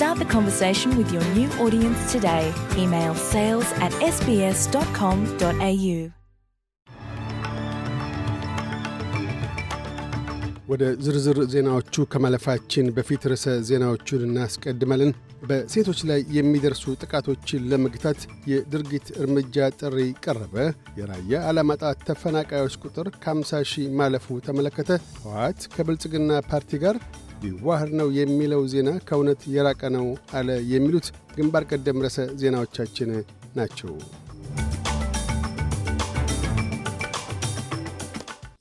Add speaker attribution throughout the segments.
Speaker 1: Start the conversation with your new audience today. Email sales at sbs.com.au. ወደ ዝርዝር ዜናዎቹ ከማለፋችን በፊት ርዕሰ ዜናዎቹን እናስቀድማለን። በሴቶች ላይ የሚደርሱ ጥቃቶችን ለመግታት የድርጊት እርምጃ ጥሪ ቀረበ። የራያ ዓላማጣ ተፈናቃዮች ቁጥር ከ50 ሺህ ማለፉ ተመለከተ። ህወት ከብልጽግና ፓርቲ ጋር ቢዋህር ነው የሚለው ዜና ከእውነት የራቀ ነው አለ የሚሉት ግንባር ቀደም ረሰ ዜናዎቻችን ናቸው።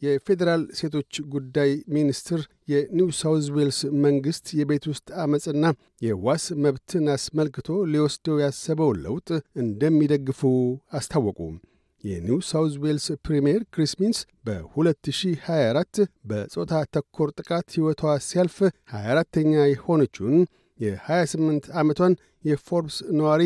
Speaker 1: የፌዴራል ሴቶች ጉዳይ ሚኒስትር የኒው ሳውዝ ዌልስ መንግሥት የቤት ውስጥ ዓመፅና የዋስ መብትን አስመልክቶ ሊወስደው ያሰበው ለውጥ እንደሚደግፉ አስታወቁ። የኒው ሳውዝ ዌልስ ፕሪምየር ክሪስ ሚንስ በ2024 በጾታ ተኮር ጥቃት ሕይወቷ ሲያልፍ 24ተኛ የሆነችውን የ28 ዓመቷን የፎርብስ ነዋሪ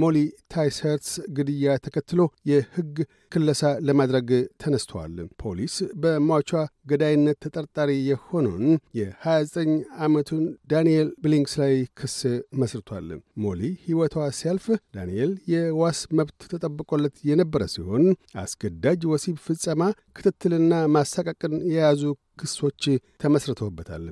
Speaker 1: ሞሊ ታይሰርትስ ግድያ ተከትሎ የሕግ ክለሳ ለማድረግ ተነስተዋል። ፖሊስ በሟቿ ገዳይነት ተጠርጣሪ የሆነውን የ29 ዓመቱን ዳንኤል ብሊንክስ ላይ ክስ መስርቷል። ሞሊ ሕይወቷ ሲያልፍ ዳንኤል የዋስ መብት ተጠብቆለት የነበረ ሲሆን አስገዳጅ ወሲብ ፍጸማ፣ ክትትልና ማሳቀቅን የያዙ ክሶች ተመስርተውበታል።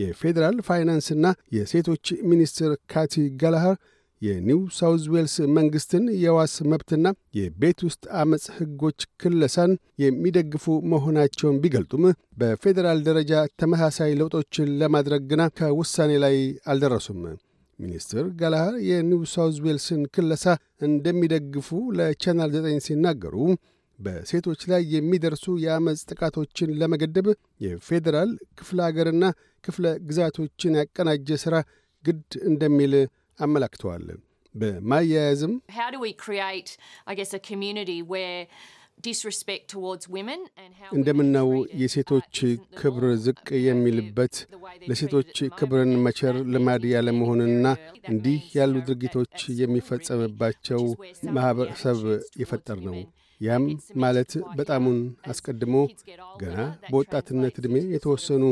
Speaker 1: የፌዴራል ፋይናንስና የሴቶች ሚኒስትር ካቲ ጋላሃር የኒው ሳውዝ ዌልስ መንግሥትን የዋስ መብትና የቤት ውስጥ ዐመፅ ሕጎች ክለሳን የሚደግፉ መሆናቸውን ቢገልጡም በፌዴራል ደረጃ ተመሳሳይ ለውጦችን ለማድረግ ግና ከውሳኔ ላይ አልደረሱም። ሚኒስትር ጋላሃር የኒው ሳውዝ ዌልስን ክለሳ እንደሚደግፉ ለቻናል 9 ሲናገሩ በሴቶች ላይ የሚደርሱ የአመፅ ጥቃቶችን ለመገደብ የፌዴራል ክፍለ አገርና ክፍለ ግዛቶችን ያቀናጀ ሥራ ግድ እንደሚል አመላክተዋል። በማያያዝም እንደምናው የሴቶች ክብር ዝቅ የሚልበት ለሴቶች ክብርን መቸር ልማድ ያለመሆንና እንዲህ ያሉ ድርጊቶች የሚፈጸምባቸው ማኅበረሰብ የፈጠር ነው። ያም ማለት በጣሙን አስቀድሞ ገና በወጣትነት ዕድሜ የተወሰኑ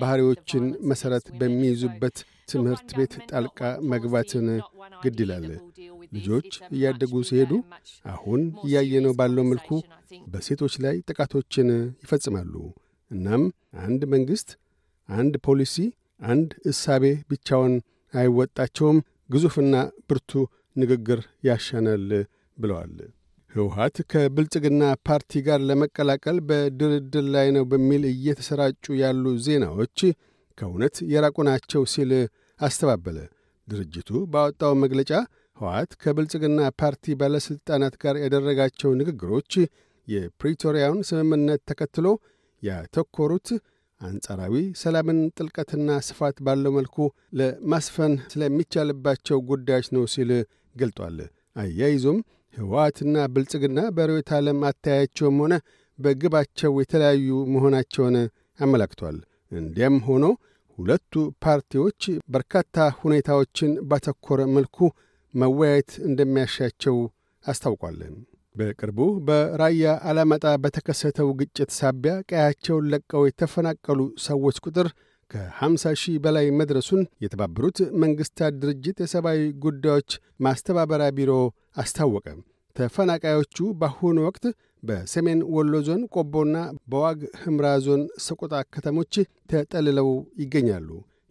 Speaker 1: ባሕሪዎችን መሠረት በሚይዙበት ትምህርት ቤት ጣልቃ መግባትን ግድ ይላል። ልጆች እያደጉ ሲሄዱ አሁን እያየነው ባለው መልኩ በሴቶች ላይ ጥቃቶችን ይፈጽማሉ። እናም አንድ መንግሥት፣ አንድ ፖሊሲ፣ አንድ እሳቤ ብቻውን አይወጣቸውም። ግዙፍና ብርቱ ንግግር ያሻናል ብለዋል። ህውሀት ከብልጽግና ፓርቲ ጋር ለመቀላቀል በድርድር ላይ ነው በሚል እየተሰራጩ ያሉ ዜናዎች ከእውነት የራቁ ናቸው ሲል አስተባበለ። ድርጅቱ ባወጣው መግለጫ ህወሓት ከብልጽግና ፓርቲ ባለሥልጣናት ጋር ያደረጋቸው ንግግሮች የፕሪቶሪያውን ስምምነት ተከትሎ ያተኮሩት አንጻራዊ ሰላምን ጥልቀትና ስፋት ባለው መልኩ ለማስፈን ስለሚቻልባቸው ጉዳዮች ነው ሲል ገልጧል። አያይዞም ህወሓትና ብልጽግና በርዕዮተ ዓለም አተያያቸውም ሆነ በግባቸው የተለያዩ መሆናቸውን አመላክቷል። እንዲያም ሆኖ ሁለቱ ፓርቲዎች በርካታ ሁኔታዎችን ባተኮረ መልኩ መወያየት እንደሚያሻቸው አስታውቋለን። በቅርቡ በራያ አላማጣ በተከሰተው ግጭት ሳቢያ ቀያቸውን ለቀው የተፈናቀሉ ሰዎች ቁጥር ከ50 ሺህ በላይ መድረሱን የተባበሩት መንግሥታት ድርጅት የሰብአዊ ጉዳዮች ማስተባበሪያ ቢሮ አስታወቀ። ተፈናቃዮቹ በአሁኑ ወቅት በሰሜን ወሎ ዞን ቆቦና በዋግ ህምራ ዞን ሰቆጣ ከተሞች ተጠልለው ይገኛሉ።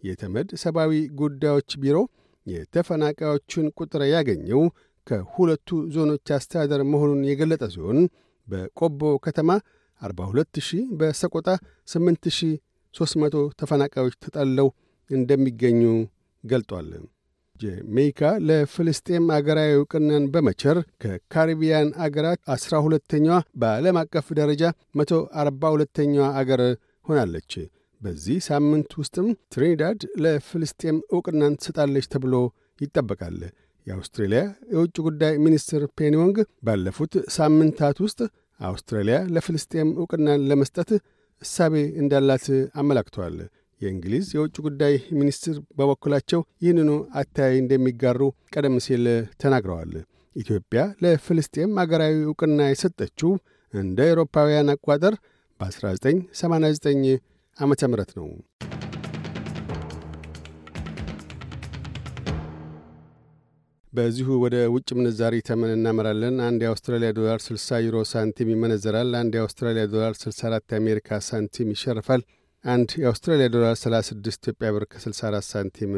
Speaker 1: የተመድ ሰብአዊ ጉዳዮች ቢሮ የተፈናቃዮቹን ቁጥር ያገኘው ከሁለቱ ዞኖች አስተዳደር መሆኑን የገለጠ ሲሆን በቆቦ ከተማ 42000 በሰቆጣ 8300 ተፈናቃዮች ተጠልለው እንደሚገኙ ገልጧል። ጄሜካ ለፍልስጤም አገራዊ እውቅናን በመቸር ከካሪቢያን አገራት ዐሥራ ሁለተኛዋ በዓለም አቀፍ ደረጃ 142 ሁለተኛዋ አገር ሆናለች። በዚህ ሳምንት ውስጥም ትሪኒዳድ ለፍልስጤም ዕውቅናን ትሰጣለች ተብሎ ይጠበቃል። የአውስትሬልያ የውጭ ጉዳይ ሚኒስትር ፔኒዮንግ ባለፉት ሳምንታት ውስጥ አውስትራሊያ ለፍልስጤም ዕውቅናን ለመስጠት እሳቤ እንዳላት አመላክተዋል። የእንግሊዝ የውጭ ጉዳይ ሚኒስትር በበኩላቸው ይህንኑ አተያይ እንደሚጋሩ ቀደም ሲል ተናግረዋል። ኢትዮጵያ ለፍልስጤም አገራዊ ዕውቅና የሰጠችው እንደ አውሮፓውያን አቋጠር በ1989 ዓ ም ነው። በዚሁ ወደ ውጭ ምንዛሪ ተመን እናመራለን። አንድ የአውስትራሊያ ዶላር 60 ዩሮ ሳንቲም ይመነዘራል። አንድ የአውስትራሊያ ዶላር 64 የአሜሪካ ሳንቲም ይሸርፋል። አንድ የአውስትራሊያ ዶላር 36 ኢትዮጵያ ብር ከ64 ሳንቲም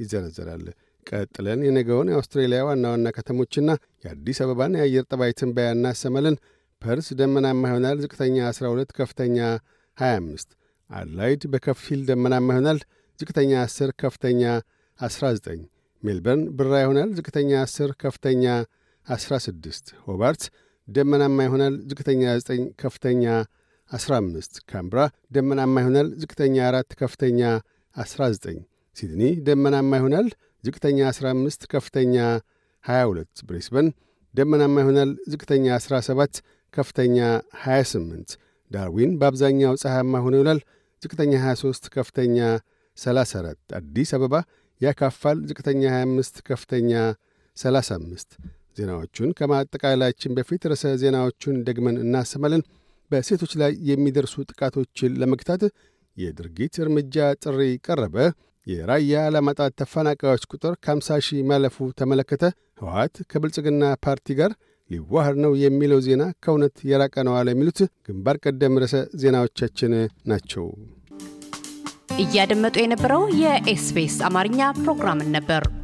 Speaker 1: ይዘረዘራል። ቀጥለን የነገውን የአውስትሬሊያ ዋና ዋና ከተሞችና የአዲስ አበባን የአየር ጠባይ ትንበያ እናሰማለን። ፐርስ ደመናማ ይሆናል። ዝቅተኛ 12፣ ከፍተኛ 25። አድላይድ በከፊል ደመናማ ይሆናል። ዝቅተኛ 10፣ ከፍተኛ 19። ሜልበርን ብራ ይሆናል። ዝቅተኛ 10፣ ከፍተኛ 16። ሆባርት ደመናማ ይሆናል። ዝቅተኛ 9፣ ከፍተኛ 15 ካምብራ ደመናማ ይሆናል። ዝቅተኛ 4 ከፍተኛ 19 ሲድኒ ደመናማ ይሆናል። ዝቅተኛ 15 ከፍተኛ 22 ብሬስበን ደመናማ ይሆናል። ዝቅተኛ 17 ከፍተኛ 28 ዳርዊን በአብዛኛው ፀሐያማ ሆኖ ይውላል። ዝቅተኛ 23 ከፍተኛ 34 አዲስ አበባ ያካፋል። ዝቅተኛ 25 ከፍተኛ 35 ዜናዎቹን ከማጠቃላያችን በፊት ርዕሰ ዜናዎቹን ደግመን እናሰማለን። በሴቶች ላይ የሚደርሱ ጥቃቶችን ለመግታት የድርጊት እርምጃ ጥሪ ቀረበ። የራያ ለማጣት ተፈናቃዮች ቁጥር ከ50 ሺህ ማለፉ ተመለከተ። ህወሓት ከብልጽግና ፓርቲ ጋር ሊዋሃድ ነው የሚለው ዜና ከእውነት የራቀ ነዋል የሚሉት ግንባር ቀደም ርዕሰ ዜናዎቻችን ናቸው። እያደመጡ የነበረው የኤስቢኤስ አማርኛ ፕሮግራምን ነበር።